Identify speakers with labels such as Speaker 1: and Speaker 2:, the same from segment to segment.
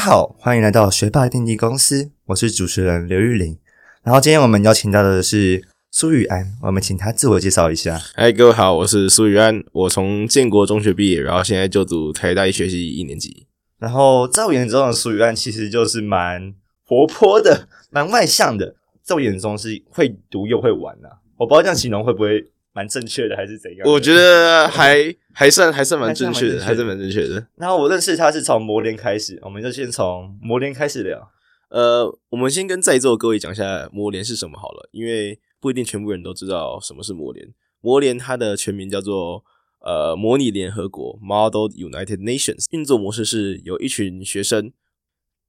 Speaker 1: 好，歡迎來到學霸電競公司，我是主持人劉玉玲。然後今天我們邀請到的是蘇禹安，我們請他自我
Speaker 2: 介紹一下。哎，各位好，我是蘇禹安，我從建國中學畢業，然後現在就讀台大醫學系一年級。然後在我眼中的蘇禹安，
Speaker 1: 其實就是蠻活潑的，蠻外向的，在我眼中是會讀又會玩的、啊。我不知道這樣形容會不會？
Speaker 2: 蠻正確
Speaker 1: 的，還是
Speaker 2: 怎樣的？我覺得還還算還算蠻正確的，還是蠻正確的。然後我認識他是從模聯開始，我們就先從模聯開始聊。呃，我們先跟在座各位講一下模聯是什麼好了，因為不一定全部人都知道什麼是模聯。模聯它的全名叫做呃模擬聯合國 （Model United Nations），運作模式是有一群學生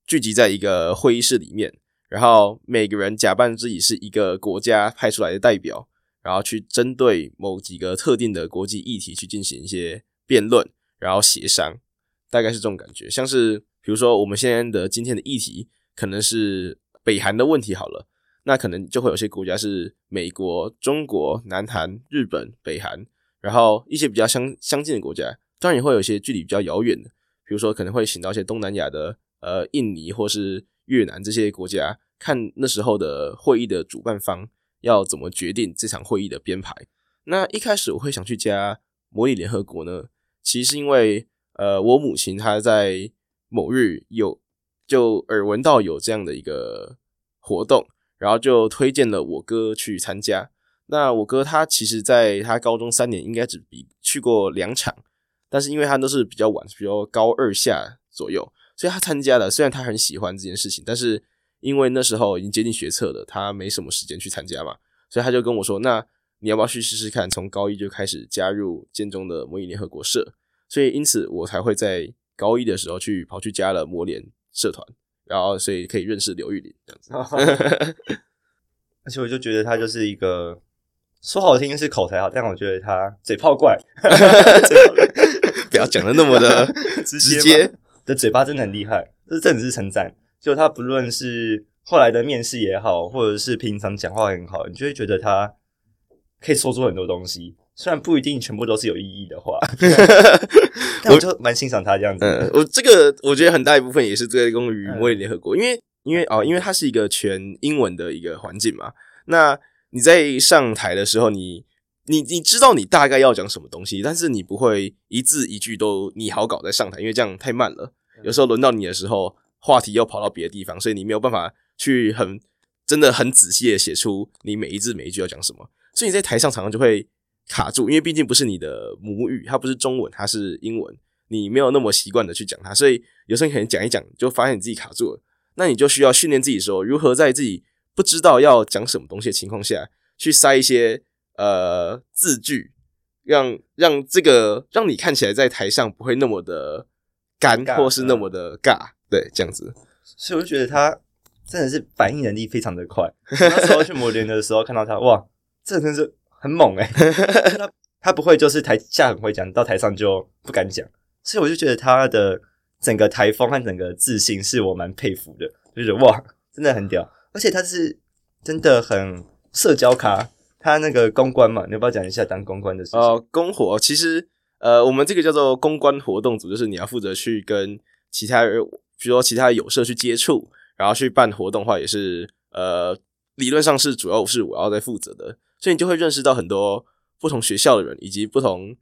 Speaker 2: 聚集在一個會議室裡面，然後每個人假扮自己是一個國家派出來的代表。然後去針對某幾個特定的國際議題去進行一些辯論，然後協商，大概是這種感覺。像是比如說，我們現在的今天的議題可能是北韓的問題好了，那可能就會有些國家是美國、中國、南韓、日本、北韓，然後一些比較相相近的國家，當然也會有些距離比較遙遠的，比如說可能會請到一些東南亞的呃印尼或是越南這些國家，看那時候的會議的主辦方。要怎麼決定這場會議的編排？那一開始我會想去加模擬聯合國呢，其實是因為呃，我母親她在某日有就耳聞到有這樣的一個活動，然後就推薦了我哥去參加。那我哥他其實在他高中三年應該只比去過兩場，但是因為他都是比較晚，比較高二下左右，所以他參加了，雖然他很喜歡這件事情，但是。因為那時候已經接近學測了，他沒什麼時間去參加嘛，所以他就跟我說：“那你要不要去試試看？從高一就開始加入建中的模擬聯合國社。”所以因此我才會在高一的時候去跑去加了模聯社團，然後所以可以認識劉玉林這樣子。 而且我就覺得他就是一個說好聽是
Speaker 1: 口才好，但我覺得他嘴炮怪， 不要講得那麼的直接， 直接。的嘴巴真的很厲害，這只是稱讚。就他不論是後來的面試也好，或者是平常講話很好，你就會覺得他可以說出很多東西，雖然不一定全部都是有意義的話。 但我就蠻 欣賞他這樣子，嗯。
Speaker 2: 我這個我覺得很大一部分也是歸功於模擬聯合國，因為因為哦，因為它是一個全英文的一個環境嘛。那你在上台的時候你，你你你知道你大概要講什麼東西，但是你不會一字一句都擬好稿在上台，因為這樣太慢了。有時候輪到你的時候，話題又跑到別的地方，所以你沒有辦法去很真的很仔細的寫出你每一字每一句要講什麼，所以你在台上常常就會卡住，因為畢竟不是你的母語，它不是中文，它是英文，你沒有那麼習慣的去講它，所以有時候你可能講一講就發現你自己卡住了，那你就需要訓練自己說如何在自己不知道要講什麼東西的情況下去塞一些呃字句，讓讓這個讓你看起來在台上不會那麼的乾或是那麼的尬。對，這樣子，所以我就覺得他真的是
Speaker 1: 反應能力非常的快。從那時候去模聯的時候看到他， 哇，這真的是很猛誒、欸、 他,他不會就是台下很會講，到台上就不敢講。所以我就覺得他的整個台風和整個自信是我蠻佩服的，就是哇，真的很屌！而且他是真的很社交咖，他那個公關嘛，你要不要講一下當公關的
Speaker 2: 事情？哦、呃，公活其實呃，我們這個叫做公關活動組，就是你要負責去跟其他人。比如說，其他友社去接觸，然後去辦活動的話，也是呃，理論上是主要是我要在負責的，所以你就會認識到很多不同學校的人，以及不同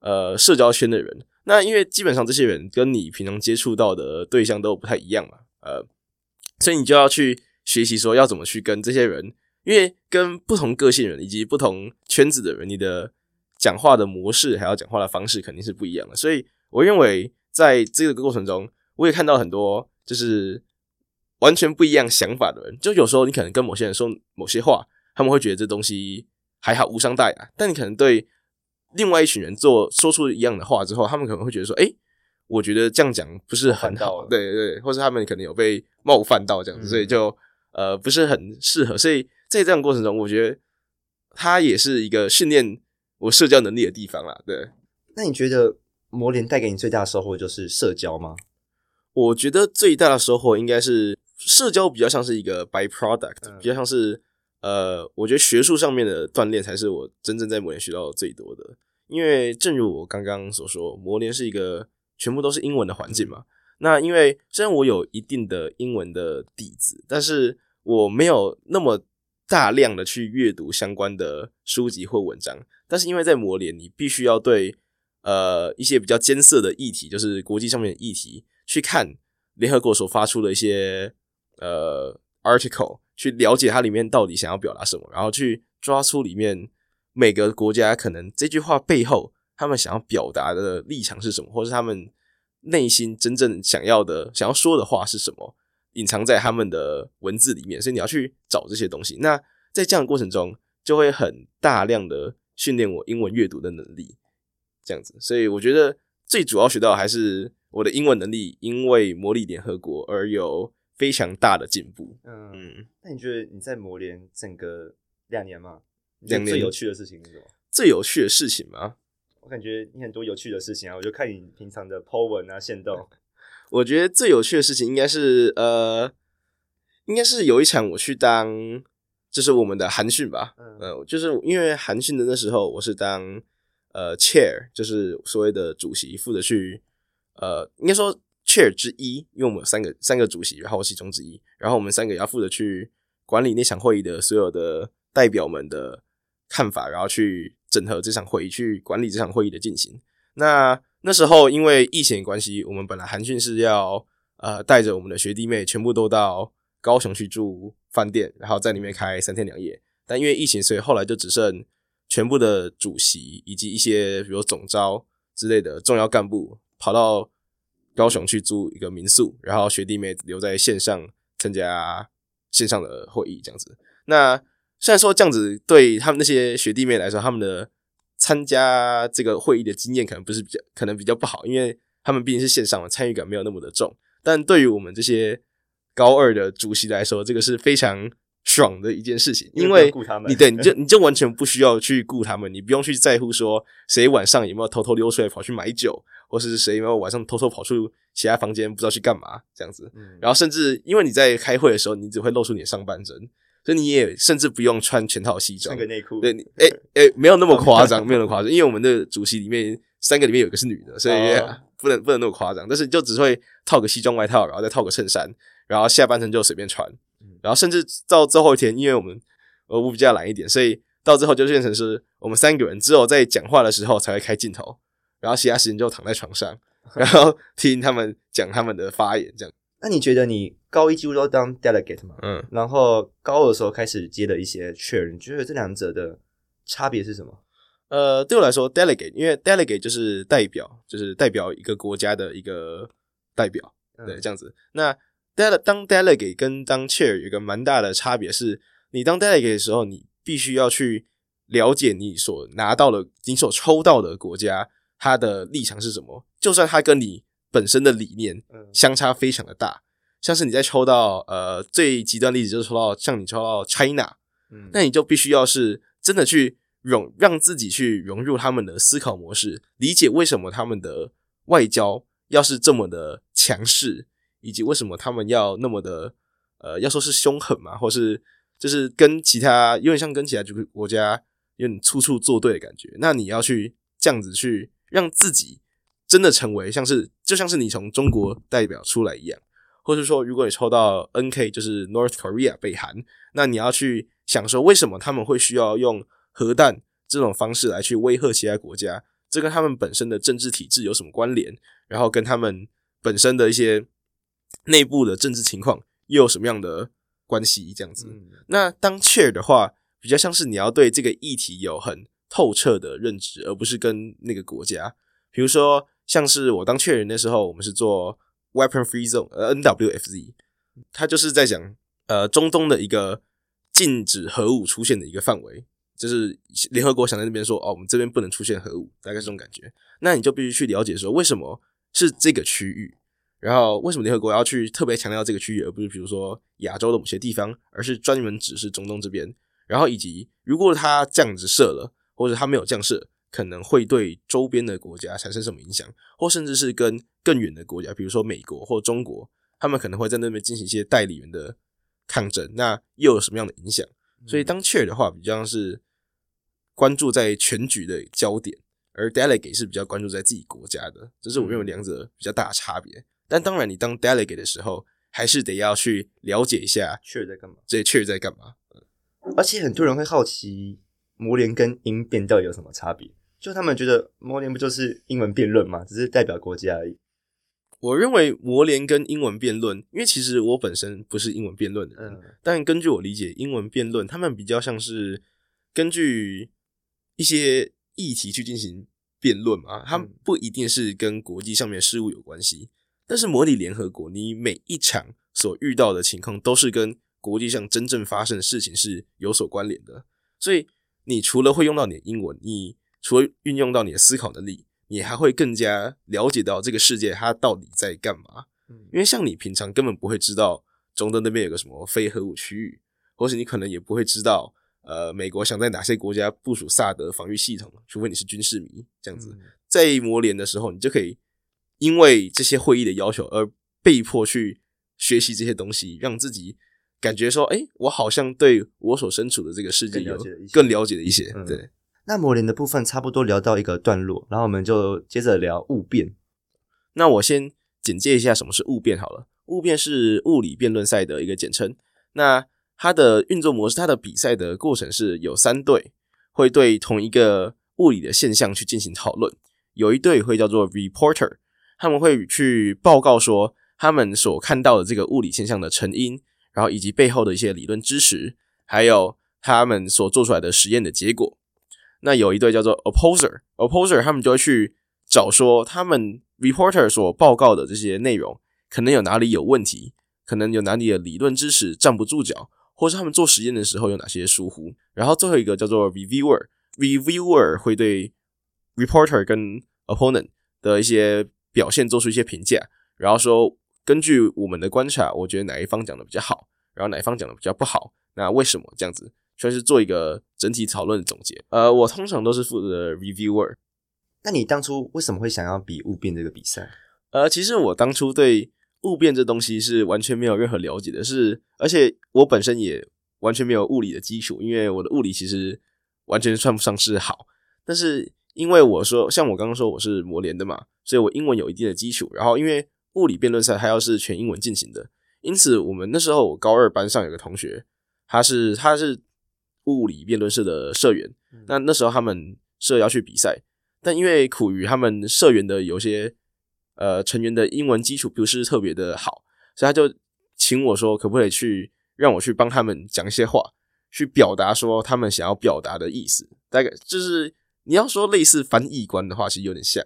Speaker 2: 呃社交圈的人。那因為基本上這些人跟你平常接觸到的對象都不太一樣嘛，呃，所以你就要去學習說要怎麼去跟這些人，因為跟不同個性人以及不同圈子的人，你的講話的模式還有講話的方式肯定是不一樣的。所以我認為在這個過程中。我也看到很多就是完全不一樣想法的人，就有時候你可能跟某些人說某些話，他們會覺得這東西還好無傷大雅，但你可能對另外一群人做說出一樣的話之後，他們可能會覺得說：“哎、欸，我覺得這樣講不是很好。”對，對對，或者他們可能有被冒犯到這樣子、嗯，所以就呃不是很適合。所以在這樣的過程中，我覺得他也是一個訓練我社交能力的地方啦。對，
Speaker 1: 那你覺得模聯帶給你最大的收穫就是
Speaker 2: 社交嗎？我覺得最大的收穫應該是社交比較像是一個 byproduct，比較像是呃，我覺得學術上面的鍛鍊才是我真正在模聯學到的最多的。因為正如我剛剛所說，模聯是一個全部都是英文的環境嘛。那因為雖然我有一定的英文的底子，但是我沒有那麼大量的去閱讀相關的書籍或文章。但是因為在模聯，你必須要對呃一些比較艱澀的議題，就是國際上面的議題。去看聯合國所發出的一些呃 article，去了解它裡面到底想要表達什麼，然後去抓出裡面每個國家可能這句話背後他們想要表達的立場是什麼，或是他們內心真正想要的、想要說的話是什麼，隱藏在他們的文字裡面。所以你要去找這些東西。那在這樣的過程中，就會很大量的訓練我英文閱讀的能力。這樣子，所以我覺得最主要學到的還是。我的英文能力因為模擬聯合國而有非常大的進步。嗯，
Speaker 1: 那你覺得你在模聯整個兩年嗎？兩年最有趣的事情是什麼？
Speaker 2: 最有趣的事情嗎？
Speaker 1: 我感覺你很多有趣的事情啊，我就看你平常的 po 文啊、限動。
Speaker 2: 我覺得最有趣的事情應該是呃，應該是有一場我去當就是我們的寒訓吧。嗯、呃，就是因為寒訓的那時候，我是當呃 chair，就是所謂的主席，負責去。呃，應該說 chair 之一，因為我們有三個三個主席，然後其中之一，然後我們三個也要負責去管理那場會議的所有的代表們的看法，然後去整合這場會議，去管理這場會議的進行。那那時候因為疫情的關係，我們本來寒訓是要呃帶着我們的學弟妹全部都到高雄去住飯店，然後在裡面開三天兩夜。但因為疫情，所以後來就只剩全部的主席以及一些比如總召之類的重要幹部跑到高雄去租一個民宿，然後學弟妹留在線上參加線上的會議，這樣子。那雖然說這樣子對他們那些學弟妹來說，他們的參加這個會議的經驗可能不是比較，可能比較不好，因為他們畢竟是線上嘛，參與感沒有那麼的重。但對於我們這些高二的主席來說，這個是非常。爽的一件事情，因為你對你就你就完全不需要去顧他們， 你不用去在乎說誰晚上有沒有偷偷溜出來跑去買酒，或是誰有沒有晚上偷偷跑出其他房間不知道去幹嘛這樣子。嗯、然後甚至因為你在開會的時候，你只會露出你的上半身，所以你也甚至不用穿全套西裝、三個內褲。對，哎哎、欸欸，沒有那麼誇張，沒有那麼誇張， 因為我們的主席裡面三個裡面有一個是女的，所以、oh. 不能不能那麼誇張。但是你就只會套個西裝外套，然後再套個襯衫，然後下半身就隨便穿。然後甚至到最後一天，因為我們我我比較懶一點，所以到最後就變成是我們三個人只有在講話的時候才會開鏡頭，然後其他時間就躺在床上，然後聽他們講他們的發言這樣。 那你覺得你
Speaker 1: 高一幾乎都當 delegate 嗎？嗯。然後高二的時候開始接了一些 chair，就是這兩者的差別是什麼？
Speaker 2: 呃，對我來說 delegate，因為 delegate 就是代表，就是代表一個國家的一個代表，嗯、對，這樣子。那當當 delegate 跟當 chair 有個蠻大的差別是，你當 delegate 的時候，你必須要去了解你所拿到的、你所抽到的國家，它的立場是什麼。就算它跟你本身的理念相差非常的大，像是你在抽到呃最極端的例子，就是抽到像你抽到 China，那你就必須要是真的去融讓自己去融入他們的思考模式，理解為什麼他們的外交要是這麼的強勢。以及為什麼他們要那麼的，呃，要說是凶狠嘛，或是就是跟其他有點像跟其他就是國家你處處作對的感覺。那你要去這樣子去讓自己真的成為像是就像是你從中國代表出來一樣，或者是說如果你抽到 NK 就是 North Korea 北韓，那你要去想說為什麼他們會需要用核彈這種方式來去威嚇其他國家？這跟他們本身的政治體制有什麼關聯？然後跟他們本身的一些。內部的政治情況又有什麼樣的關係？這樣子、嗯，那當 chair 的話，比較像是你要對這個議題有很透徹的認知，而不是跟那個國家。比如說，像是我當 chair 人的時候，我們是做 weapon free zone，呃，NWFZ，他就是在講呃中東的一個禁止核武出現的一個範圍，就是聯合國想在那邊說哦，我們這邊不能出現核武，大概是這種感覺。那你就必須去了解說，為什麼是這個區域？然後為什麼聯合國要去特別強調這個區域，而不是比如說亞洲的某些地方，而是專門指示中東這邊？然後以及如果它這樣子設了，或者它沒有這樣設，可能會對周邊的國家產生什麼影響，或甚至是跟更遠的國家，比如說美國或中國，他們可能會在那邊進行一些代理人的抗爭，那又有什麼樣的影響？所以當 chair 的話，比較是關注在全局的焦點，而 delegate 是比較關注在自己國家的，這是我認為兩者比較大的差別。但當然，你當 delegate 的時候，還是得要去了解一下確實在幹嘛，這確實在幹嘛。而且很多人會好奇，模聯跟英辯到底有什
Speaker 1: 麼差別？就他們覺得模聯不就是英文辯論嗎？只是代表國家而已。
Speaker 2: 我認為模聯跟英文辯論，因為其實我本身不是英文辯論的人，嗯，但根據我理解，英文辯論他們比較像是根據一些議題去進行辯論嘛，他們不一定是跟國際上面事務有關係。但是模擬聯合國，你每一場所遇到的情況都是跟國際上真正發生的事情是有所關聯的，所以你除了會用到你的英文，你除了運用到你的思考能力，你還會更加了解到這個世界它到底在幹嘛。嗯。因為像你平常根本不會知道中東那邊有個什麼非核武區域，或是你可能也不會知道，呃，美國想在哪些國家部署薩德防禦系統，除非你是軍事迷，這樣子。嗯。在模聯的時候，你就可以。因為這些會議的要求而被迫去學習這些東西，讓自己感覺說：“誒，我好像對我所身處的這個世界有更了解的一些，更了解了一些。
Speaker 1: 嗯”對，那模聯的部
Speaker 2: 分差不多聊到一個段落，然後我們就接着聊物辯。那我先簡介一下什麼是物辯好了。物辯是物理辯論賽的一個簡稱。那它的運作模式，它的比賽的過程是有三隊會對同一個物理的現象去進行討論，有一隊會叫做 reporter。他們會去報告說他們所看到的這個物理現象的成因，然後以及背後的一些理論知識，還有他們所做出來的實驗的結果。那有一隊叫做 opposer，opposer opposer 他們就會去找說他們 reporter 所報告的這些內容可能有哪裡有問題，可能有哪裡的理論知識站不住腳，或是他們做實驗的時候有哪些疏忽。然後最後一個叫做 reviewer，reviewer reviewer 會對 reporter 跟 opponent 的一些。表現做出一些評價，然後說根據我們的觀察，我覺得哪一方講的比較好，然後哪一方講的比較不好，那為什麼這樣子？就是做一個整體討論的總結。呃，我通常都是負責的 reviewer。
Speaker 1: 那你當初為什麼會想要比物辯這個比賽？
Speaker 2: 呃，其實我當初對物辯這東西是完全沒有任何了解的是，是而且我本身也完全沒有物理的基礎，因為我的物理其實完全算不上是好，但是。因為我說，像我剛剛說我是模聯的嘛，所以我英文有一定的基礎。然後因為物理辯論賽它要是全英文進行的，因此我們那時候，我高二班上有個同學，他是他是物理辯論社的社員。那那時候他們社要去比賽，但因為苦於他們社員的有些呃成員的英文基礎不是特別的好，所以他就請我說，可不可以去讓我去幫他們講一些話，去表達說他們想要表達的意思，大概就是。你要說類似翻譯官的話，其實有點像，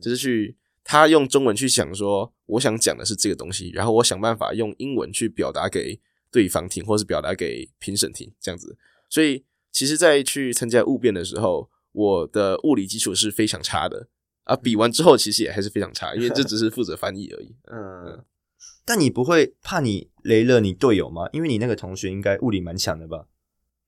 Speaker 2: 就是去他用中文去想說，我想講的是這個東西，然後我想辦法用英文去表達給對方聽，或是表達給評審聽這樣子。所以，其實，在去參加物辯的時候，我的物理基礎是非常差的啊。比完之後，其實也還是非常差，因為這只是負責翻譯而已。 嗯，但你不會怕你雷了你隊友嗎？因為你那個同學應該物理蠻強的吧？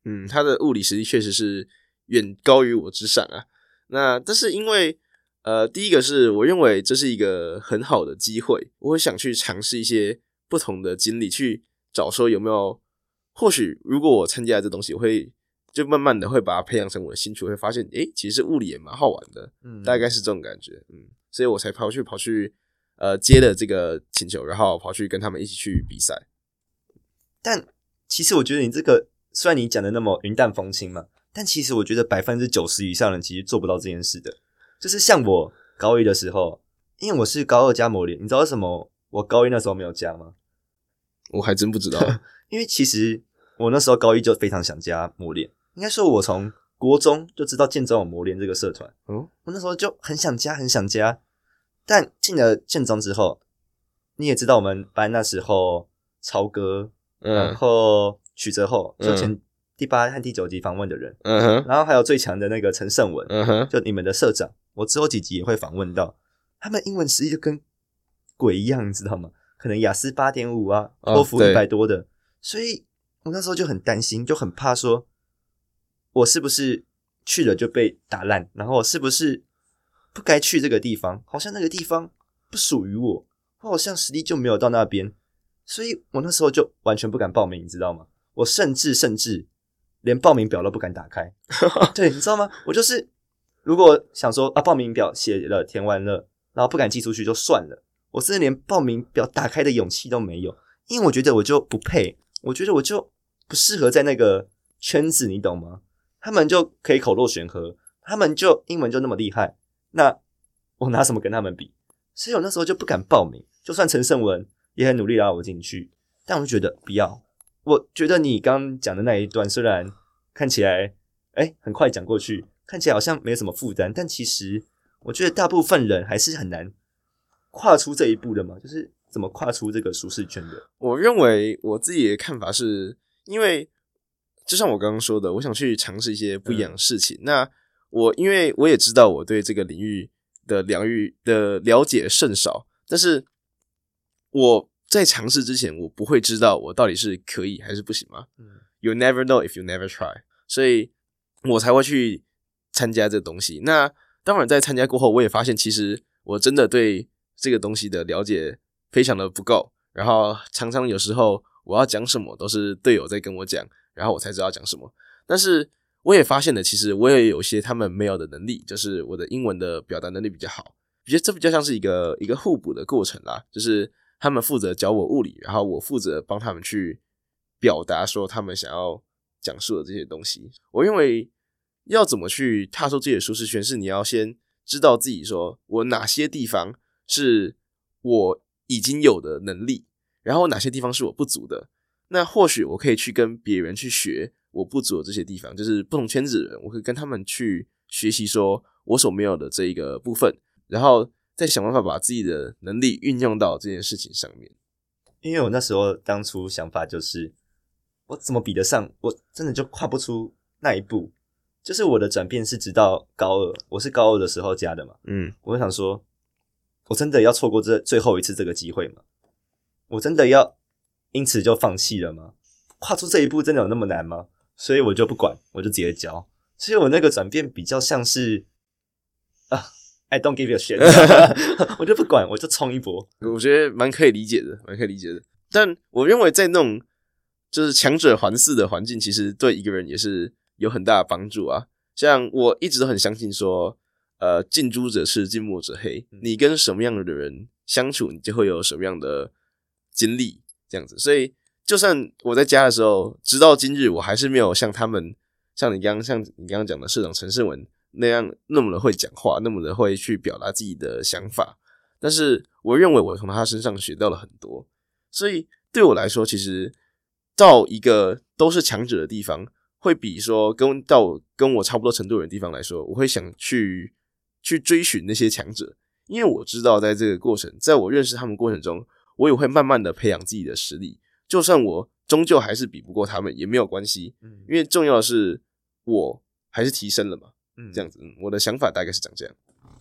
Speaker 2: 嗯，他的物理實力確實是。遠高於我之上啊！那但是因為，呃，第一個是我認為這是一個很好的機會，我會想去嘗試一些不同的經歷，去找說有沒有或許如果我參加這東西，我會就慢慢的會把它培養成我的興趣，會發現，誒、欸，其實物理也蠻好玩的，嗯，大概是這種感覺，嗯，所以我才跑去跑去，呃，接了這個請求，然後跑去跟他們一起去比賽。但其
Speaker 1: 實我覺得你這個，雖然你講的那麼雲淡風輕嘛。但其實我覺得百分之九十以上的人其實做不到這件事的，就是像我高一的時候，因為我是高二加模聯，你知道為什麼我高一那時候沒有加嗎？我還真不知道， 因為其實我那時候高一就非常想加模聯，應該說我從國中就知道建中有模聯這個社團，嗯、哦，我那時候就很想加，很想加，但進了建中之後，你也知道我們班那時候超哥，嗯，然後曲折後。就、嗯、前、嗯。第八和第九集訪問的人，嗯哼，然後還有最強的那個陳勝文，嗯哼，就你們的社長，我之後幾集也會訪問到。他們英文實力就跟鬼一樣，你知道嗎？可能雅思八點五啊，托福一百多的。所以我那時候就很擔心，就很怕說，我是不是去了就被打爛？然後我是不是不該去這個地方？好像那個地方不屬於我，我好像實力就沒有到那邊。所以我那時候就完全不敢報名，你知道嗎？我甚至甚至。連報名表都不敢打開， 對，你知道嗎？我就是如果想說啊，報名表寫了填完了，然後不敢寄出去就算了，我甚至連報名表打開的勇氣都沒有，因為我覺得我就不配，我覺得我就不適合在那個圈子，你懂嗎？他們就可以口若懸河，他們就英文就那麼厲害，那我拿什麼跟他們比？所以我那時候就不敢報名，就算陳勝文也很努力拉我進去，但我就覺得不要。我覺得你剛剛講的那一段，雖然看起來哎、欸，很快講過去，看起來好像沒有什麼負擔，但其實我覺得大部分人還是很難跨出這一步的嘛，就是
Speaker 2: 怎麼跨出這個舒適圈的。我認為我自己的看法是，因為就像我剛剛說的，我想去嘗試一些不一樣的事情，嗯。那我因為我也知道我對這個領域的領域的了解甚少，但是我。在嘗試之前，我不會知道我到底是可以還是不行嘛。You never know if you never try，所以，我才會去參加這個東西。那當然，在參加過後，我也發現，其實我真的對這個東西的了解非常的不夠。然後，常常有時候我要講什麼，都是隊友在跟我講，然後我才知道講什麼。但是，我也發現了，其實我也有一些他們沒有的能力，就是我的英文的表達能力比較好。我覺得這比較像是一個一個互補的過程啦，就是。他們負責教我物理，然後我負責幫他們去表達說他們想要講述的這些東西。我認為要怎麼去踏出自己的舒適圈，是你要先知道自己說我哪些地方是我已經有的能力，然後哪些地方是我不足的。那或許我可以去跟別人去學我不足的這些地方，就是不同圈子的人，我可以跟他們去學習說我所沒有的這一個部分，然後，在想辦法把自己的能力運用到這件事情上面，
Speaker 1: 因為我那時候當初想法就是，我怎麼比得上？我真的就跨不出那一步。就是我的轉變是直到高二，我是高二的時候加的嘛。嗯，我就想說，我真的要錯過這最後一次這個機會嗎？我真的要因此就放棄了嗎？跨出這一步真的有那麼難嗎？所以我就不管，我就直接交。所以，我那個轉變比較像是
Speaker 2: 啊。I don't give a shit， 我就不管，我就衝一波。我覺得蠻可以理解的，蠻可以理解的。但我認為在那種就是強者環伺的環境，其實對一個人也是有很大的幫助啊。像我一直都很相信說，呃，近朱者赤，近墨者黑。嗯。你跟什麼樣的人相處，你就會有什麼樣的經歷。這樣子，所以就算我在家的時候，直到今日，我還是沒有像他們，像你剛剛像你剛剛講的，社長陳世文。那樣那麼的會講話，那麼的會去表達自己的想法，但是我認為我從他身上學到了很多，所以對我來說，其實到一個都是強者的地方，會比說跟到跟我差不多程度的地方來說，我會想去去追尋那些強者，因為我知道在這個過程，在我認識他們過程中，我也會慢慢的培養自己的實力，就算我終究還是比不過他們，也沒有關係，因為重要的是我還是提升了嘛。嗯，這樣子，嗯，我的想法大概是講這樣。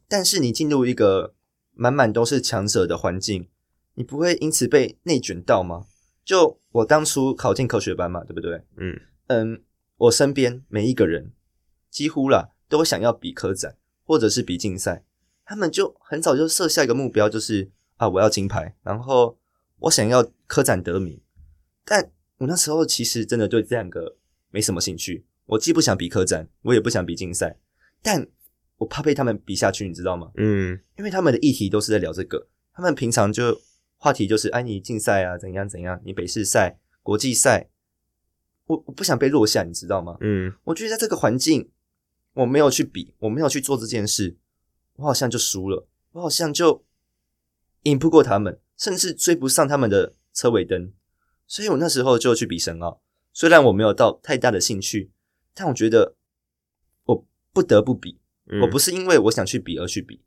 Speaker 1: 但是你進入一個滿滿都是強者的環境，你不會因此被內捲到嗎？就我當初考進科學班嘛，對不對？嗯嗯，我身邊每一個人幾乎啦都想要比科展或者是比競賽，他們就很早就設下一個目標，就是啊我要金牌，然後我想要科展得名。但我那時候其實真的對這兩個沒什麼興趣，我既不想比科展，我也不想比競賽。但我怕被他們比下去，你知道嗎？嗯，因為他們的議題都是在聊這個，他們平常就話題就是哎、啊、你競賽啊怎樣怎樣，你北市賽、國際賽，我我不想被落下，你知道嗎？嗯，我覺得在這個環境，我沒有去比，我沒有去做這件事，我好像就輸了，我好像就贏不過他們，甚至追不上他們的車尾燈，所以我那時候就去比神奧，雖然我沒有到太大的興趣，但我覺得。不得不比、嗯，我不是因為我想去比而去比，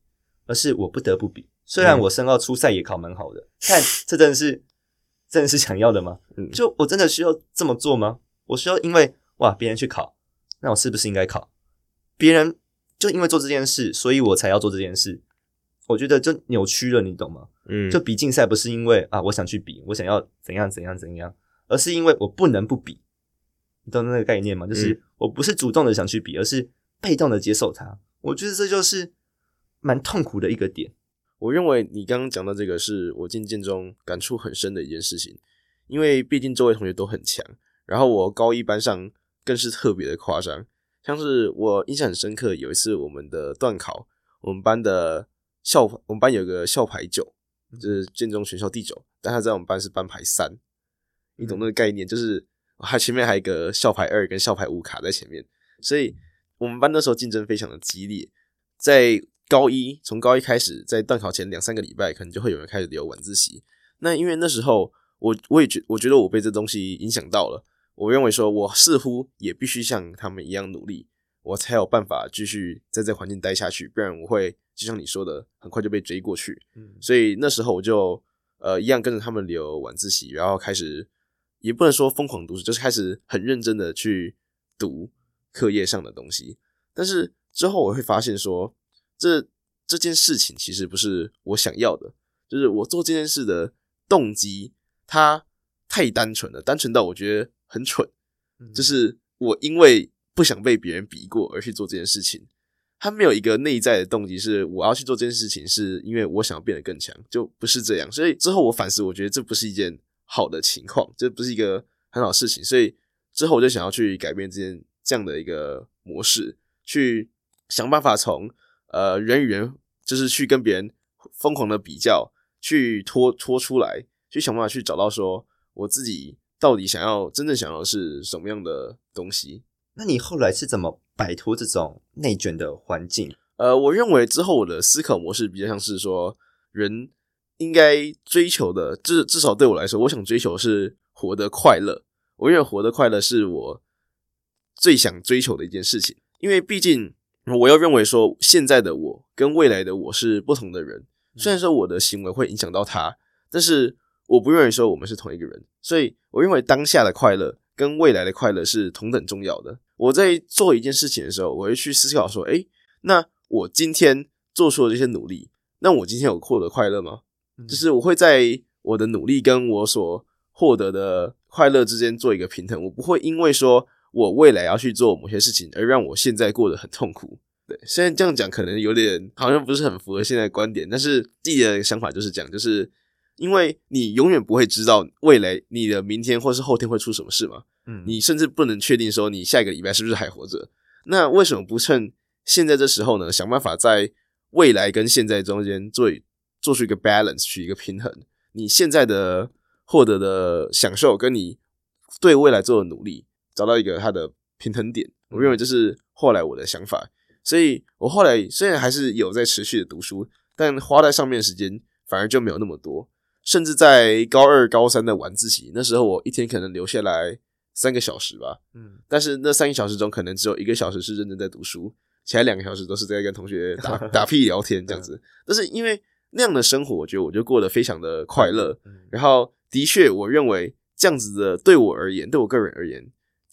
Speaker 1: 而是我不得不比。雖然我升奧初賽也考蠻好的、嗯，但這真的是 真的是想要的嗎、嗯？就我真的需要這麼做嗎？我需要因為哇別人去考，那我是不是應該考？別人就因為做這件事，所以我才要做這件事？我覺得就扭曲了，你懂嗎？嗯，就比競賽不是因為啊我想去比，我想要怎樣怎樣怎樣，而是因為我不能不比，你懂那個概念嗎？就是、嗯、我不是主動的想去比，而是。被動的接受他，我
Speaker 2: 覺得這就是蠻痛苦的一個點。我認為你剛剛講到這個是我進建中感觸很深的一件事情，因為畢竟周圍同學都很強，然後我高一班上更是特別的誇張。像是我印象很深刻，有一次我們的段考，我們班的校我們班有個校排九，就是建中全校第九，但他在我們班是班排三，嗯，你懂那個概念，就是他前面還有一個校排二跟校排五卡在前面，所以。我們班那時候競爭非常的激烈，在高一，從高一開始，在段考前兩三個禮拜，可能就會有人開始留晚自習。那因為那時候我我也覺我覺得我被這東西影響到了，我認為說，我似乎也必須像他們一樣努力，我才有辦法繼續在這環境待下去，不然我會就像你說的，很快就被追過去。嗯，所以那時候我就呃一樣跟着他們留晚自習，然後開始也不能說瘋狂讀書，就是開始很認真的去讀。課業上的東西，但是之後我會發現說，這這件事情其實不是我想要的，就是我做這件事的動機，它太單純了，單純到我覺得很蠢，就是我因為不想被別人比過而去做這件事情，它沒有一個內在的動機是我要去做這件事情，是因為我想要變得更強，就不是這樣，所以之後我反思，我覺得這不是一件好的情況，這不是一個很好的事情，所以之後我就想要去改變這件。這樣的一個模式，去想辦法從呃人與人，就是去跟別人瘋狂的比較，去拖拖出來，去想辦法去找到說我自己到底想要真正想要的是什麼樣的東西。那你後來是怎麼擺脫這種內捲的環境？呃，我認為之後我的思考模式比較像是說，人應該追求的，至至少對我來說，我想追求是活得快樂。我認為活得快樂是我。最想追求的一件事情，因為畢竟，我要認為說，現在的我跟未來的我是不同的人。雖然說我的行為會影響到他，但是我不認為說我們是同一個人。所以，我認為當下的快樂跟未來的快樂是同等重要的。我在做一件事情的時候，我會去思考說，誒、欸，那我今天做出了這些努力，那我今天有獲得快樂嗎？就是我會在我的努力跟我所獲得的快樂之間做一個平衡，我不會因為說，我未來要去做某些事情，而讓我現在過得很痛苦。對，雖然這樣講可能有點好像不是很符合現在觀點，但是自己的想法就是講，就是因為你永遠不會知道未來你的明天或是後天會出什麼事嘛，嗯，你甚至不能確定說你下一個禮拜是不是還活着？那為什麼不趁現在這時候呢，想辦法在未來跟現在中間做做出一個 balance，取一個平衡，你現在的獲得的享受跟你對未來做的努力。找到一個他的平衡點，我認為這是後來我的想法。所以我後來雖然還是有在持續的讀書，但花在上面的時間反而就沒有那麼多。甚至在高二、高三的晚自習，那時候我一天可能留下來三個小時吧。嗯，但是那三個小時中，可能只有一個小時是認真在讀書，其他兩個小時都是在跟同學打打屁聊天這樣子。但是因為那樣的生活，我覺得我就過得非常的快樂。然後的確，我認為這樣子的對我而言，對我個人而言。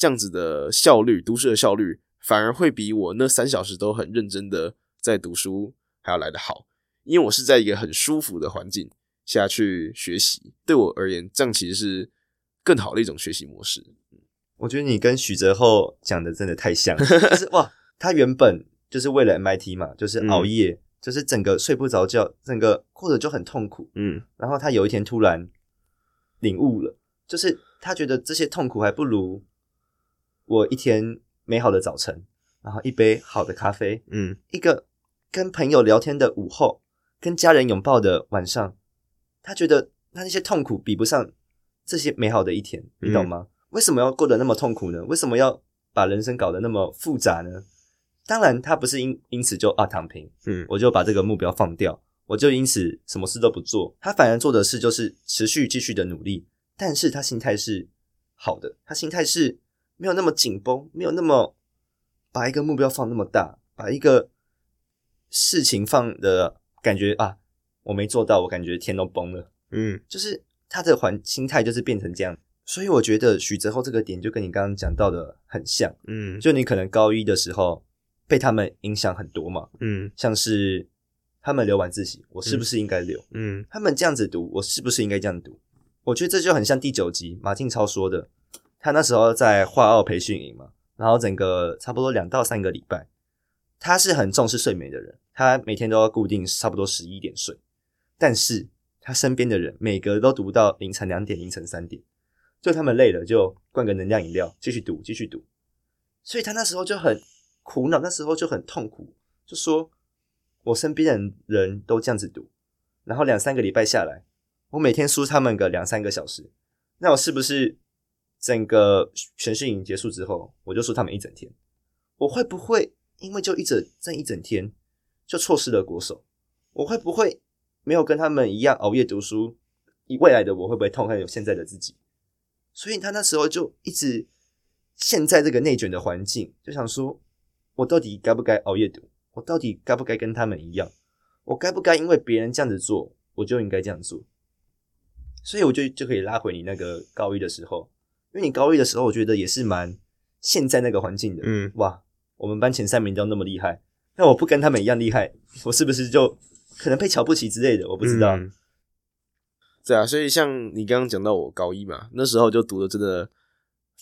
Speaker 2: 這樣子的效率，讀書的效率反而會比我那三小時都很認真的在讀書還要來得好，因為我是在一個很舒服的環境下去學習，對我而言，這樣其實是更好的一種學習模式。我
Speaker 1: 覺得你跟許哲厚講的真的太像了， 就是哇，他原本就是為了 MIT 嘛，就是熬夜，嗯、就是整個睡不着覺，整個或者就很痛苦，嗯，然後他有一天突然領悟了，就是他覺得這些痛苦還不如。我一天美好的早晨，然後一杯好的咖啡，嗯，一個跟朋友聊天的午後，跟家人擁抱的晚上，他覺得他那些痛苦比不上這些美好的一天，嗯，你懂嗎？為什麼要過得那麼痛苦呢？為什麼要把人生搞得那麼複雜呢？當然，他不是因因此就啊躺平，嗯，我就把這個目標放掉，我就因此什麼事都不做。他反而做的事就是持續繼續的努力，但是他心態是好的，他心態是。沒有那麼緊繃，沒有那麼把一個目標放那麼大，把一個事情放的感覺啊，我沒做到，我感覺天都崩了。嗯，就是他的環心態就是變成這樣，所以我覺得許澤厚這個點就跟你剛剛講到的很像。嗯，就你可能高一的時候被他們影響很多嘛。嗯，像是他們留晚自習，我是不是應該留？嗯，嗯，他們這樣子讀，我是不是應該這樣讀？我覺得這就很像第九集馬靜超說的。他那時候在化奧培訓營嘛，然後整個差不多兩到三個禮拜，他是很重視睡眠的人，他每天都要固定差不多十一點睡，但是他身邊的人每個都讀到凌晨兩點、凌晨三點，就他們累了就灌個能量飲料，繼續讀、繼續讀，所以他那時候就很苦惱，那時候就很痛苦，就說我身邊的人都這樣子讀，然後兩三個禮拜下來，我每天輸他們個兩三個小時，那我是不是？整個選訓營結束之後，我就說他們一整天，我會不會因為就一整這一整天就錯失了國手？我會不會沒有跟他們一樣熬夜讀書？以未來的我會不會痛恨有現在的自己？所以他那時候就一直陷在這個內卷的環境，就想說我到底該不該熬夜讀？我到底該不該跟他們一樣？我該不該因為別人這樣子做，我就應該這樣做？所以我就就可以拉回你那個高一的時候。因為你高一的時候，我覺得也是蠻現在那個環境的。嗯，哇，我們班前三名都那麼厲害，那我不跟他
Speaker 2: 們一樣厲害，我是不是就可能被瞧不起之類的？我不知道。嗯、對啊，所以像你剛剛講到我高一嘛，那時候就讀的真的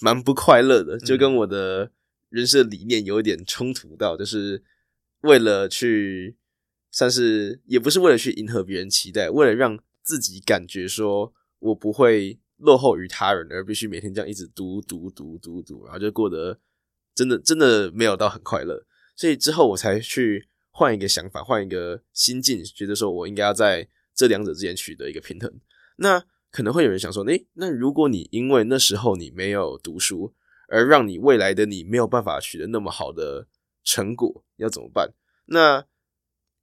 Speaker 2: 蠻不快樂的、嗯，就跟我的人生理念有一點衝突到，就是為了去算是也不是為了去迎合別人期待，為了讓自己感覺說我不會。落後於他人，而必須每天這樣一直讀讀讀讀讀，然後就過得真的真的沒有到很快樂。所以之後我才去換一個想法，換一個心境，覺得說我應該要在這兩者之間取得一個平衡。那可能會有人想說：“誒，那如果你因為那時候你沒有讀書，而讓你未來的你沒有辦法取得那麼好的成果，要怎麼辦？”那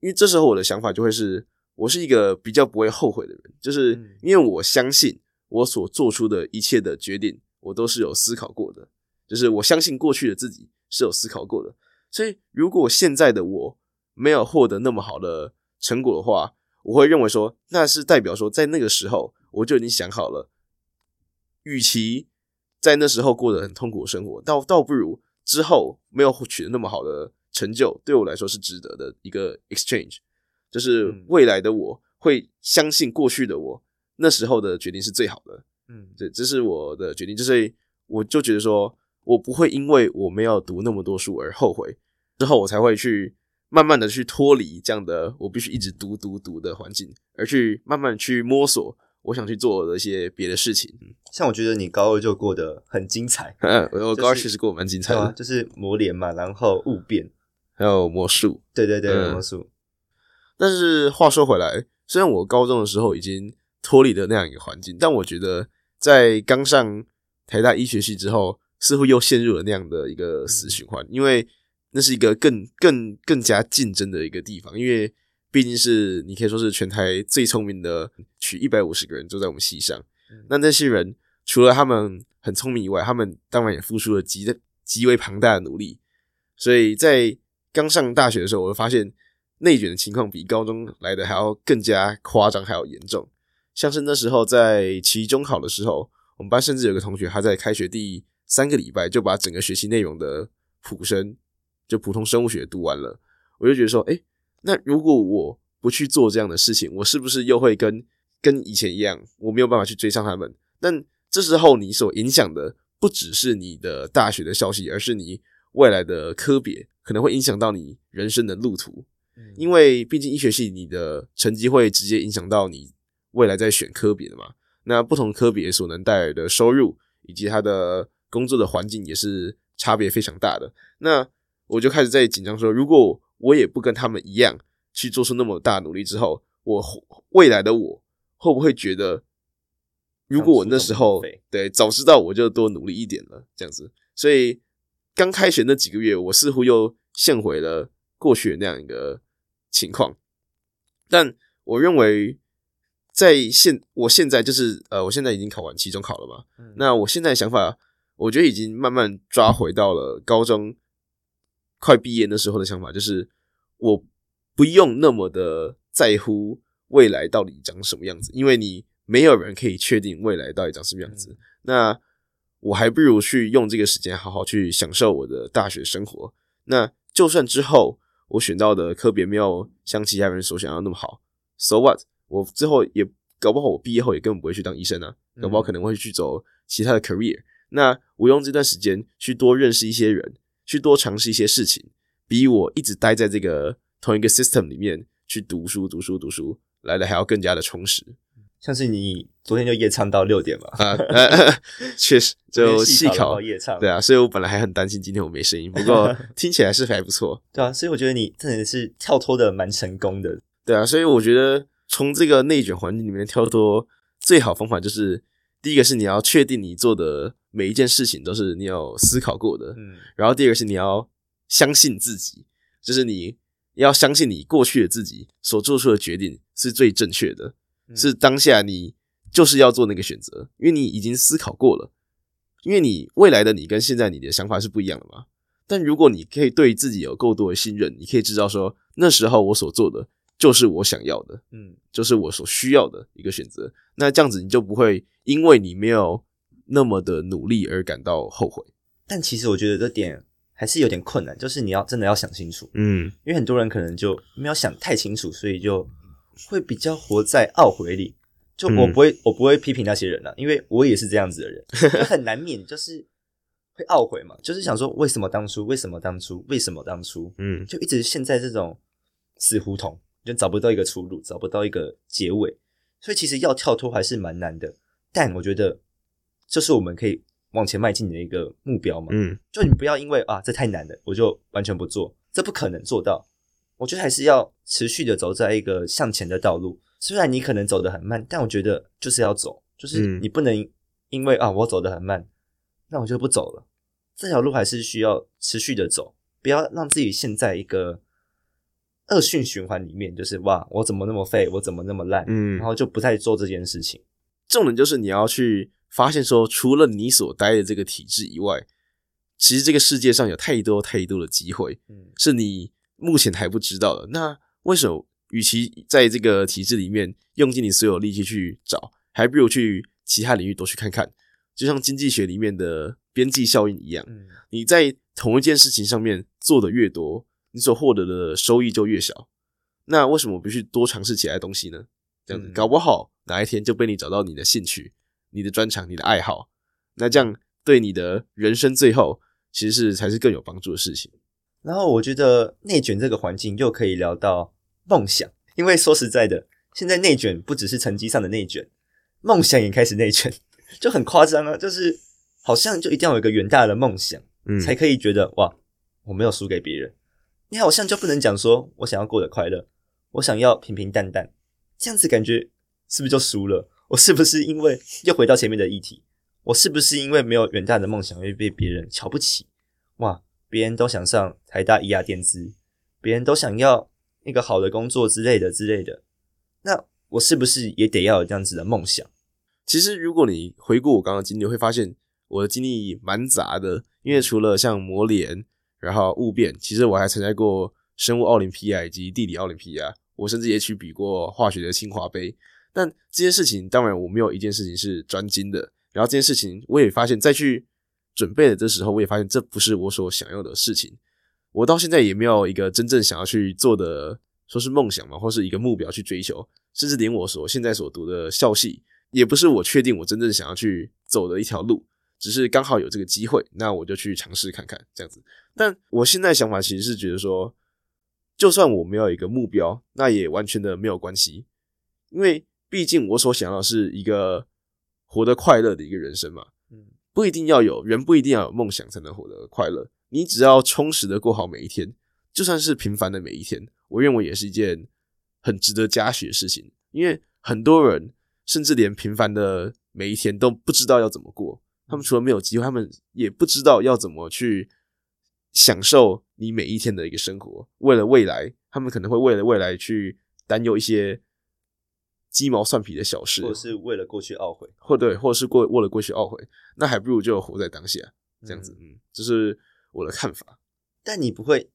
Speaker 2: 因為這時候我的想法就會是我是一個比較不會後悔的人，就是因為我相信。我所做出的一切的決定，我都是有思考過的。就是我相信過去的自己是有思考過的，所以如果現在的我沒有獲得那麼好的成果的話，我會認為說那是代表說在那個時候我就已經想好了，與其在那時候過得很痛苦的生活，倒倒不如之後沒有取得那麼好的成就，對我來說是值得的一個 exchange。就是未來的我會相信過去的我。那時候的決定是最好的，嗯，對，這是我的決定，就是我就覺得說我不會因為我沒有讀那麼多書而後悔，之後我才會去慢慢的去脫離這樣的我必須一直讀讀讀的環境、嗯，而去慢慢去摸索我想去做的一些別的事情。像我覺得你高二就過得很精彩，嗯就是、我高二其實過蠻精彩的，啊、就是模聯嘛，然後物辯，還有魔術，對對對，嗯、魔術。但是話說回來，雖然我高中的時候已經。脫離的那樣一個環境，但我覺得在剛上台大醫學系之後，似乎又陷入了那樣的一個死循環，因為那是一個更更更加競爭的一個地方，因為畢竟是你可以說是全台最聰明的，取一百五十個人都在我們系上，那那些人除了他們很聰明以外，他們當然也付出了極極為龐大的努力，所以在剛上大學的時候，我就發現內卷的情況比高中來的還要更加誇張，還要嚴重。像是那時候在期中考的時候，我們班甚至有個同學，他在開學第三個禮拜就把整個學期內容的普生就普通生物學讀完了。我就覺得說，哎、欸，那如果我不去做這樣的事情，我是不是又會跟跟以前一樣，我沒有辦法去追上他們？但這時候你所影響的不只是你的大學的校系，而是你未來的科別，可能會影響到你人生的路途。嗯、因為畢竟醫學系你的成績會直接影響到你。未來在選科別的嘛。那不同科別所能帶來的收入以及他的工作的環境也是差別非常大的。那我就開始在緊張說，如果我也不跟他們一樣去做出那麼大努力之後，我未來的我會不會覺得，如果我那時候，對，早知道我就多努力一點了這樣子？所以剛開學那幾個月，我似乎又陷回了過去的那樣一個情況，但我認為。在現，我現在就是呃，我現在已經考完期中考了嘛。嗯、那我現在想法，我覺得已經慢慢抓回到了高中快畢業那時候的想法，就是我不用那麼的在乎未來到底長什麼樣子，因為你沒有人可以確定未來到底長什麼樣子。嗯、那我還不如去用這個時間好好去享受我的大學生活。那就算之後我選到的科別沒有像其他人所想要那麼好，So what？我之後也搞不好，我畢業後也根本不會去當醫生啊，搞不好可能會去走其他的 career，嗯。那我用這段時間去多認識一些人，去多嘗試一些事情，比我一直待在這個同一個 system 裡面去讀書、讀書、讀書、讀書來的還要更加的充實。像是你昨天就夜唱到六點吧？啊，啊，確實就細考夜唱，對啊。所以我本來還很擔心今天我沒聲音， 不過聽起來是還不錯。
Speaker 1: 對啊，所以我覺得你真的是跳脫的蠻成功的。
Speaker 2: 對啊，所以我覺得。從這個內捲環境裡面跳脫，最好方法就是，第一個是你要確定你做的每一件事情都是你有思考過的，嗯，然後第二個是你要相信自己，就是你要相信你過去的自己所做出的決定是最正確的，嗯，是當下你就是要做那個選擇，因為你已經思考過了，因為你未來的你跟現在你的想法是不一樣的嘛，但如果你可以對自己有夠多的信任，你可以知道說那時候我所做的。就是我想要的，嗯，就是我所需要的一個選擇。那這樣子你就不會因為你沒有那麼的努力而感到後悔。
Speaker 1: 但其實我覺得這點還是有點困難，就是你要真的要想清楚，嗯，因為很多人可能就沒有想太清楚，所以就會比較活在懊悔裡。就我不會，嗯，我不會批評那些人了啊，因為我也是這樣子的人， 就很難免就是會懊悔嘛，就是想說為什麼當初，為什麼當初，為什麼當初，嗯，就一直陷在這種死胡同。找不到一個出路，找不到一個結尾，所以其實要跳脫還是蠻難的。但我覺得，就是我們可以往前邁進的一個目標嘛。嗯，就你不要因為啊這太難了，我就完全不做，這不可能做到。我覺得還是要持續的走在一個向前的道路，雖然你可能走得很慢，但我覺得就是要走，就是你不能因為啊我走得很慢，那我就不走了。這條路還是需要持續的走，不要讓自己陷在一個。
Speaker 2: 惡性循環裡面就是哇，我怎麼那麼廢，我怎麼那麼爛，嗯，然後就不再做這件事情。重點就是你要去發現，說除了你所待的這個體制以外，其實這個世界上有太多太多的機會，嗯，是你目前還不知道的。那為什麼與其在這個體制裡面用盡你所有力氣去找，還不如去其他領域多去看看？就像經濟學裡面的邊際效應一樣，嗯，你在同一件事情上面做的越多。所獲得的收益就越小，那為什麼不去多嘗試其他東西呢？這樣子、嗯、搞不好哪一天就被你找到你的興趣、你的專長、你的愛好，那這樣對你的人生最後其實是才是更有幫助的事情。然後我覺得內捲這個環境又可以
Speaker 1: 聊到夢想，因為說實在的，現在內捲不只是成績上的內捲，夢想也開始內捲，就很誇張啊！就是好像就一定要有一個遠大的夢想，嗯，才可以覺得哇，我沒有輸給別人。你好像就不能講說我想要過得快樂，我想要平平淡淡，這樣子感覺是不是就輸了？我是不是因為又回到前面的議題？我是不是因為沒有遠大的夢想又被別人瞧不起？哇，別人都想上台大醫牙電資，別人都想要一個好的工作之類的之類的，那我是不是也得要有這樣子的夢想？
Speaker 2: 其實如果你回顧我剛剛經歷，會發現我的經歷蠻雜的，因為除了像模聯。然後物辯，其實我還參加過生物奧林匹亞以及地理奧林匹亞，我甚至也去比過化學的清華杯。但這件事情，當然我沒有一件事情是專精的。然後這件事情，我也發現再去準備的這時候，我也發現這不是我所想要的事情。我到現在也沒有一個真正想要去做的，說是夢想嘛，或是一個目標去追求，甚至連我所現在所讀的校系，也不是我確定我真正想要去走的一條路。只是剛好有這個機會，那我就去嘗試看看這樣子。但我現在想法其實是覺得說，就算我沒有一個目標，那也完全的沒有關係，因為畢竟我所想要的是一個活得快樂的一個人生嘛。嗯，不一定要有，人不一定要有夢想才能活得快樂。你只要充實的過好每一天，就算是平凡的每一天，我認為也是一件很值得嘉許的事情。因為很多人甚至連平凡的每一天都不知道要怎麼過。他們除了沒有機會，他們也不知道要怎麼去享受你每一天的一個生活。為了未來，他們可能會為了未來去擔憂一些雞毛蒜皮的小事，或者是為了過去懊悔，或對，或者是過為了過去懊悔，那還不如就活在當下。這樣子，嗯，這、就是我的看法。但你不會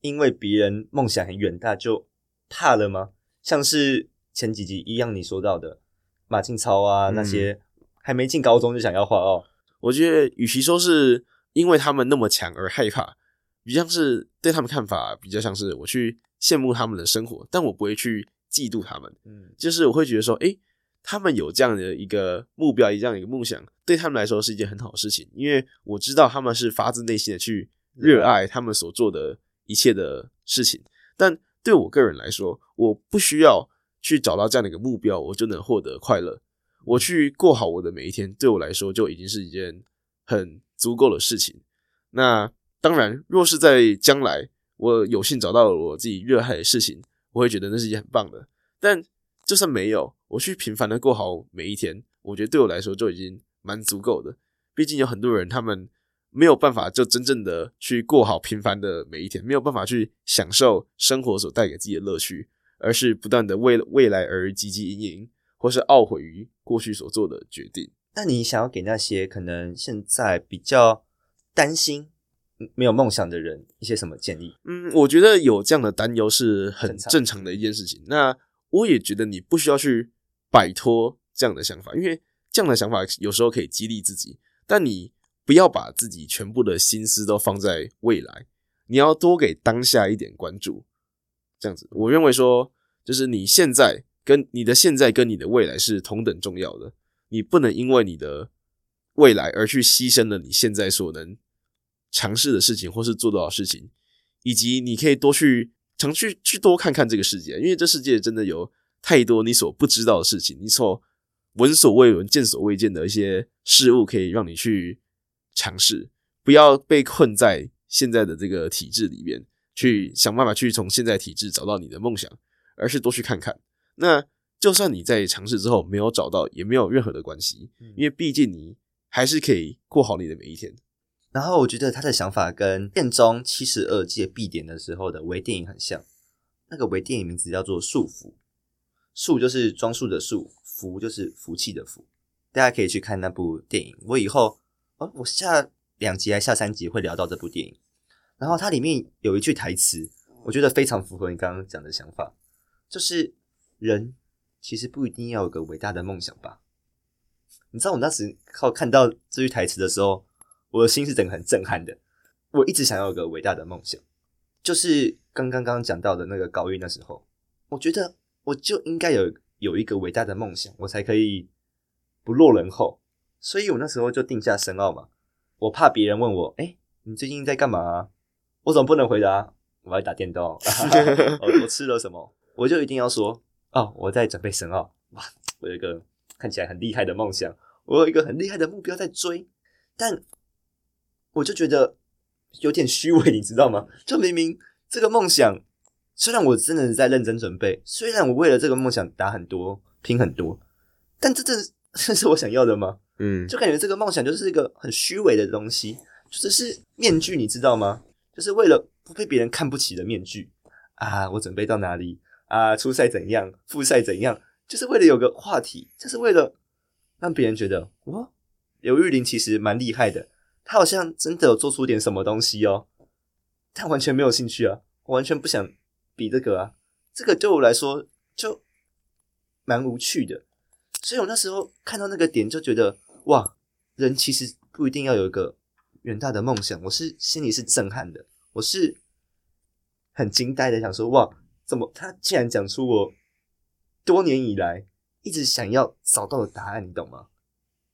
Speaker 2: 因為別人夢想很遠大
Speaker 1: 就怕了嗎？像是前幾集一樣，你說到的馬清超
Speaker 2: 啊、嗯、那些。還沒進高中就想要畫哦，我覺得與其說是因為他們那麼強而害怕，比較像是對他們看法，比較像是我去羨慕他們的生活，但我不會去嫉妒他們。嗯，就是我會覺得說，哎、欸，他們有這樣的一個目標，有這樣的一個夢想，對他們來說是一件很好的事情。因為我知道他們是發自內心的去熱愛他們所做的一切的事情，嗯。但對我個人來說，我不需要去找到這樣的一個目標，我就能獲得快樂。我去過好我的每一天，對我來說就已經是一件很足夠的事情。那當然，若是在將來我有幸找到了我自己熱愛的事情，我會覺得那是一件很棒的。但就算沒有，我去平凡的過好每一天，我覺得對我來說就已經蠻足夠的。畢竟有很多人他們沒有辦法就真正的去過好平凡的每一天，沒有辦法去享受生活所帶給自己的樂趣，而是不斷的為未，未來而汲汲營營。或是懊悔於過去所做的決定，那你想要給那些可能現在比較擔心沒有夢想的人一些什麼建議？嗯，我覺得有這樣的擔憂是很正常的一件事情。那我也覺得你不需要去擺脫這樣的想法，因為這樣的想法有時候可以激勵自己。但你不要把自己全部的心思都放在未來，你要多給當下一點關注。這樣子，我認為說就是你現在。跟你的現在跟你的未來是同等重要的，你不能因為你的未來而去犧牲了你現在所能嘗試的事情，或是做多少事情，以及你可以多去常去去多看看這個世界，因為這世界真的有太多你所不知道的事情，你所聞所未聞、見所未見的一些事物，可以讓你去嘗試，不要被困在現在的這個體制裡面，去想辦法去從現在體制找到你的夢想，而是多去看看。那就算你在嘗試之後沒有找到，也沒有任何的關係，嗯，因為畢竟你還是可以過好你的每一天。然後我
Speaker 1: 覺得他的想法跟片中七十二屆畢典的時候的微電影很像，那個微電影名字叫做《束縛》，束就是裝束的束，福就是福氣的福。大家可以去看那部電影，我以後哦，我下兩集還下三集會聊到這部電影。然後它裡面有一句台詞，我覺得非常符合你剛剛講的想法，就是。人其實不一定要有個偉大的夢想吧？你知道我那時候看到這句台詞的時候，我的心是整個很震撼的。我一直想要有個偉大的夢想，就是剛剛剛講到的那個高一那時候，我覺得我就應該有有一個偉大的夢想，我才可以不落人後。所以我那時候就定下深奧嘛，我怕別人問我：“哎，你最近在幹嘛、啊？”我總不能回答、啊？我要打電動哈哈，我吃了什麼？我就一定要說。哦，我在準備神奧哇！我有一個看起來很厲害的夢想，我有一個很厲害的目標在追，但我就覺得有點虛偽，你知道嗎？就明明這個夢想，雖然我真的在認真準備，雖然我為了這個夢想打很多、拼很多，但這這這是我想要的嗎？嗯，就感覺這個夢想就是一個很虛偽的東西，就是、是面具，你知道嗎？就是為了不被別人看不起的面具啊！我準備到哪裡？啊，初賽怎樣？復賽怎樣？就是為了有個話題，就是為了讓別人覺得哇，劉玉玲其實蠻厲害的，他好像真的有做出點什麼東西哦。但完全沒有興趣啊，我完全不想比這個啊，這個對我來說就蠻無趣的。所以我那時候看到那個點，就覺得哇，人其實不一定要有一個遠大的夢想，我是心裡是震撼的，我是很驚呆的，想說哇。怎麼？他竟然講出我多年以來一直想要找到的答案，你懂嗎？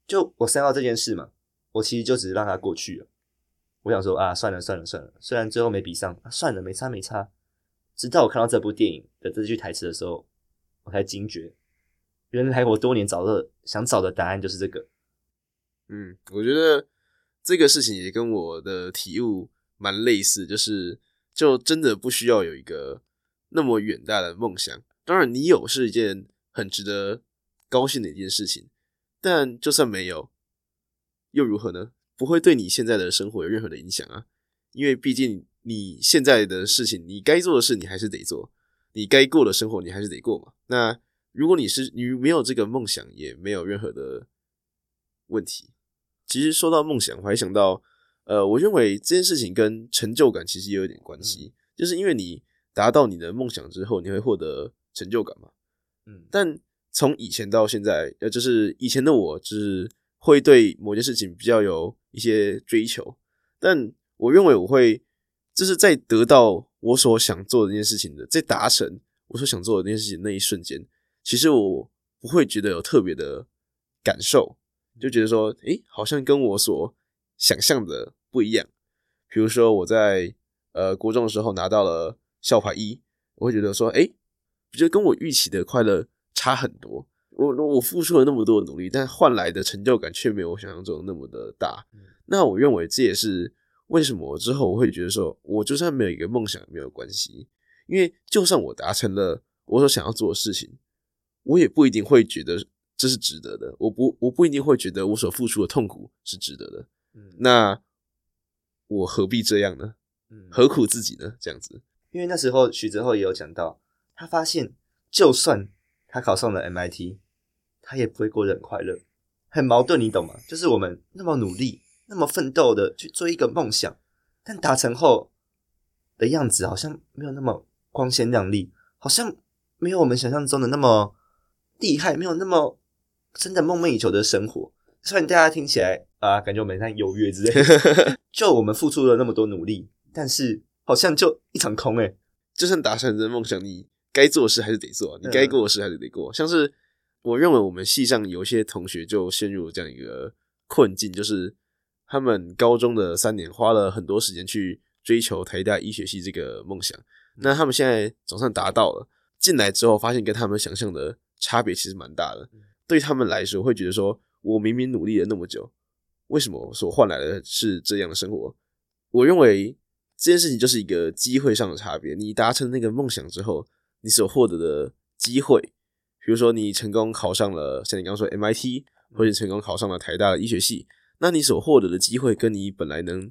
Speaker 1: 就我想到這件事嘛，我其實就只是讓它過去了。我想說啊，算了算了算了，雖然最後沒比上，啊，算了，沒差沒差。直到我看到這部電影的這句台詞的時候，我才驚覺，原來我多年找的，想找的答案就是這個。
Speaker 2: 嗯，我覺得這個事情也跟我的體悟蠻類似，就是就真的不需要有一個。那麼遠大的夢想，當然你有是一件很值得高興的一件事情。但就算沒有，又如何呢？不會對你現在的生活有任何的影響啊。因為畢竟你現在的事情，你該做的事你還是得做，你該過的生活你還是得過嘛。那如果你是，你沒有這個夢想，也沒有任何的問題。其實說到夢想，我還想到，呃，我認為這件事情跟成就感其實也有點關係，就是因為你。達到你的夢想之後，你會獲得成就感嗎？嗯，但從以前到現在，呃，就是以前的我，就是會對某件事情比較有一些追求。但我認為我會，就是在得到我所想做的那件事情的，在達成我所想做的那件事情的那一瞬間，其實我不會覺得有特別的感受，就覺得說，誒、欸，好像跟我所想象的不一樣。比如說我在呃國中的時候拿到了。笑話一，我會覺得說，哎、欸，我覺得跟我預期的快樂差很多。我我付出了那麼多的努力，但換來的成就感卻沒有我想象中那麼的大。那我認為這也是為什麼之後我會覺得說，我就算沒有一個夢想，沒有關係，因為就算我達成了我所想要做的事情，我也不一定會覺得這是值得的。我不我不一定會覺得我所付出的痛苦是值得的。那我何必這樣呢？何苦自己呢？這樣子。因為那時
Speaker 1: 候，許哲浩也有講到，他發現，就算他考上了 MIT，他也不會過得很快樂，很矛盾，你懂嗎？就是我們那麼努力、那麼奮鬥的去做一個夢想，但達成後的樣子好像沒有那麼光鮮亮麗，好像沒有我們想象中的那麼厲害，沒有那麼真的夢寐以求的生活。雖然大家聽起來啊，感覺我們在優越之類的， 就我們
Speaker 2: 付出了那麼多努力，但是。好像就一場空誒、欸、就算達成你的夢想，你該做的事還是得做，你該過的事還是得過、嗯。像是我認為我們系上有些同學就陷入這樣一個困境，就是他們高中的三年花了很多時間去追求台大醫學系這個夢想、嗯，那他們現在總算達到了，進來之後發現跟他們想象的差別其實蠻大的，嗯、對他們來說會覺得說，我明明努力了那麼久，為什麼所換來的是這樣的生活？我認為。這件事情就是一個機會上的差別。你達成那個夢想之後，你所獲得的機會，比如說你成功考上了像你剛剛說 MIT，或者成功考上了台大的醫學系，那你所獲得的機會跟你本來能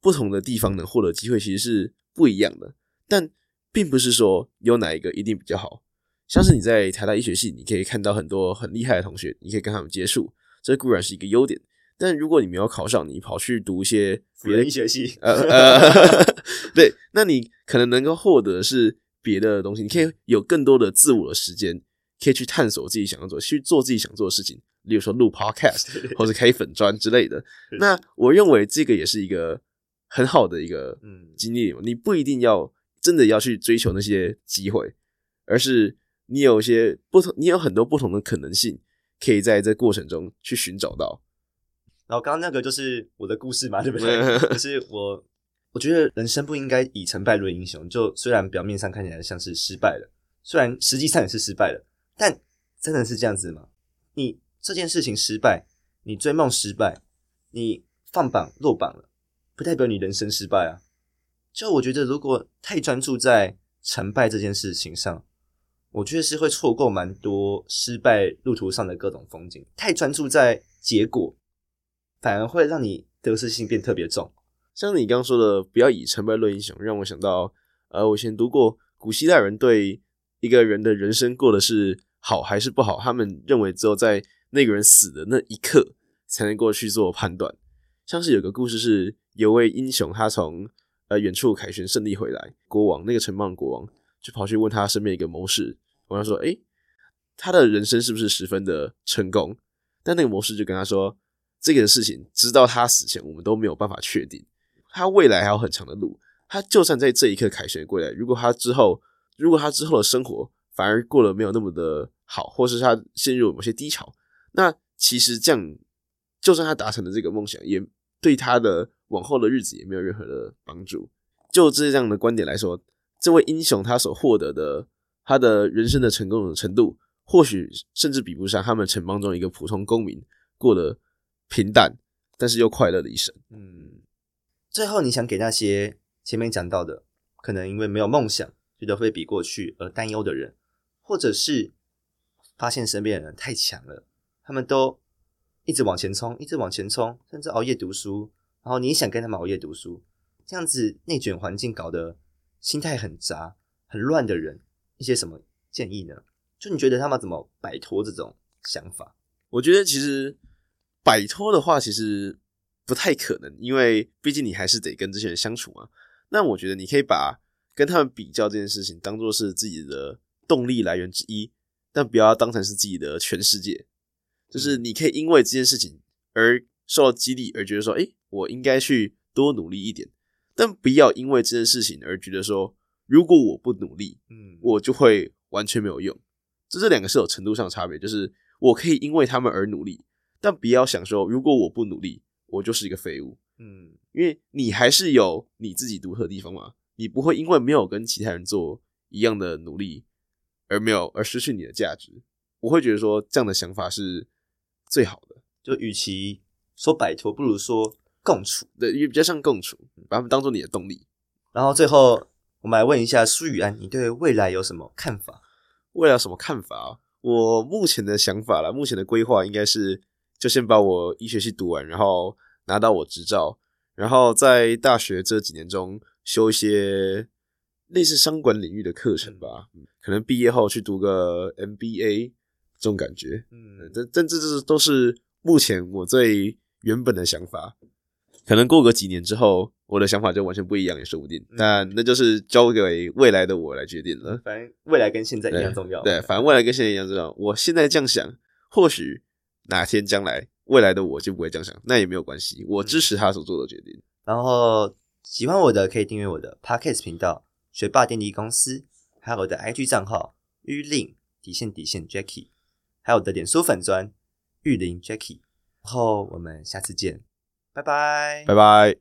Speaker 2: 不同的地方能獲得的機會其實是不一樣的。但並不是說有哪一個一定比較好。像是你在台大醫學系，你可以看到很多很厲害的同學，你可以跟他們接觸，這固然是一個優點。但如果你沒有考上，你跑去讀一些別的醫學系，呃， 對，那你可能能夠獲得的是別的東西，你可以有更多的自我的時間，可以去探索自己想要做，去做自己想做的事情，例如說錄 Podcast 是或者開粉專之類的，的。那我認為這個也是一個很好的一個經歷，你不一定要真的要去追求那些機會，而是你有一些不同，你有很多不同的可能性，可以在這過程中去尋找到。
Speaker 1: 然後剛剛那個就是我的故事嘛，對不對？可 是我，我覺得人生不應該以成敗論英雄。就雖然表面上看起來像是失敗了，雖然實際上也是失敗了，但真的是這樣子嗎？你這件事情失敗，你追夢失敗，你放榜落榜了，不代表你人生失敗啊。就我覺得，如果太專注在成敗這件事情上，我覺得是會錯過蠻多失敗路途上的各種風景。
Speaker 2: 太專注在結果。反而會讓你得失心變特別重。像你剛剛說的，不要以成敗論英雄，讓我想到，呃，我以前讀過古希臘人對一個人的人生過得是好還是不好，他們認為只有在那個人死的那一刻，才能過去做判斷。像是有個故事是，是有位英雄他，他從呃遠處凱旋勝利回來，國王那個城邦國王就跑去問他身邊一個謀士，然後說：“誒、欸。他的人生是不是十分的成功？”但那個謀士就跟他說。這個事情，直到他死前，我們都沒有辦法確定。他未來還有很長的路。他就算在這一刻凱旋歸來，如果他之後，如果他之後的生活反而過得沒有那麼的好，或是他陷入某些低潮，那其實這樣，就算他達成了這個夢想，也對他的往後的日子也沒有任何的幫助。就這樣的觀點來說，這位英雄他所獲得的，他的人生的成功的程度，或許甚至比不上他們城邦中一個普通公民過得平淡，但是又快樂的一生。嗯，
Speaker 1: 最後你想給那些前面講到的，可能因為沒有夢想，覺得會比過去而擔憂的人，或者是發現身邊的人太強了，他們都一直往前衝，一直往前衝，甚至熬夜讀書，然後你也想跟他們熬夜讀書，這樣子內卷環境搞得心態很雜、很亂的人，一些什麼建議呢？就你覺得他們怎麼擺脫這種想法？
Speaker 2: 我覺得其實。擺脫的話，其實不太可能，因為畢竟你還是得跟這些人相處嘛。那我覺得你可以把跟他們比較這件事情當做是自己的動力來源之一，但不要當成是自己的全世界。就是你可以因為這件事情而受到激勵，而覺得說：“哎，我應該去多努力一點。”但不要因為這件事情而覺得說：“如果我不努力，嗯，我就會完全沒有用。”就這兩個是有程度上差別，就是我可以因為他們而努力。但不要想說，如果我不努力，我就是一個廢物。嗯，因為你還是有你自己獨特的地方嘛，你不會因為沒有跟其他人做一樣的努力而沒有而失去你的價值。我會覺得說這樣的想法是最好的。就與其說擺脫，不如說共處，對，因為比較像共處，
Speaker 1: 把他們當做你的動力。然後最後我們來問一下蘇禹安，你對未來有什麼看法？
Speaker 2: 未來有什麼看法？我目前的想法啦，目前的規劃應該是。就先把我醫學系讀完，然後拿到我執照，然後在大學這幾年中修一些類似商管領域的課程吧。嗯、可能畢業後去讀個 MBA，這種感覺，嗯，但但這、就是、這、這都是目前我最原本的想法。可能過個幾年之後，我的想法就完全不一樣，也說不定。那、嗯，但那就是交給未來的我來決定了。嗯、反
Speaker 1: 正未來跟現在一樣重要對對。對，
Speaker 2: 反正未來跟現在一樣重要。我現在這樣想，或許。哪天將來未來的我就不會這樣想，那也沒有關係，我支持他所做的決定。嗯、然後
Speaker 1: 喜歡我的可以訂閱我的 Podcast 頻道“學霸電力公司”，還有我的 IG 賬號“玉林底線底線 Jacky”，還有我的臉書粉專“玉林 Jacky”。然後我們下次見，拜拜，拜拜。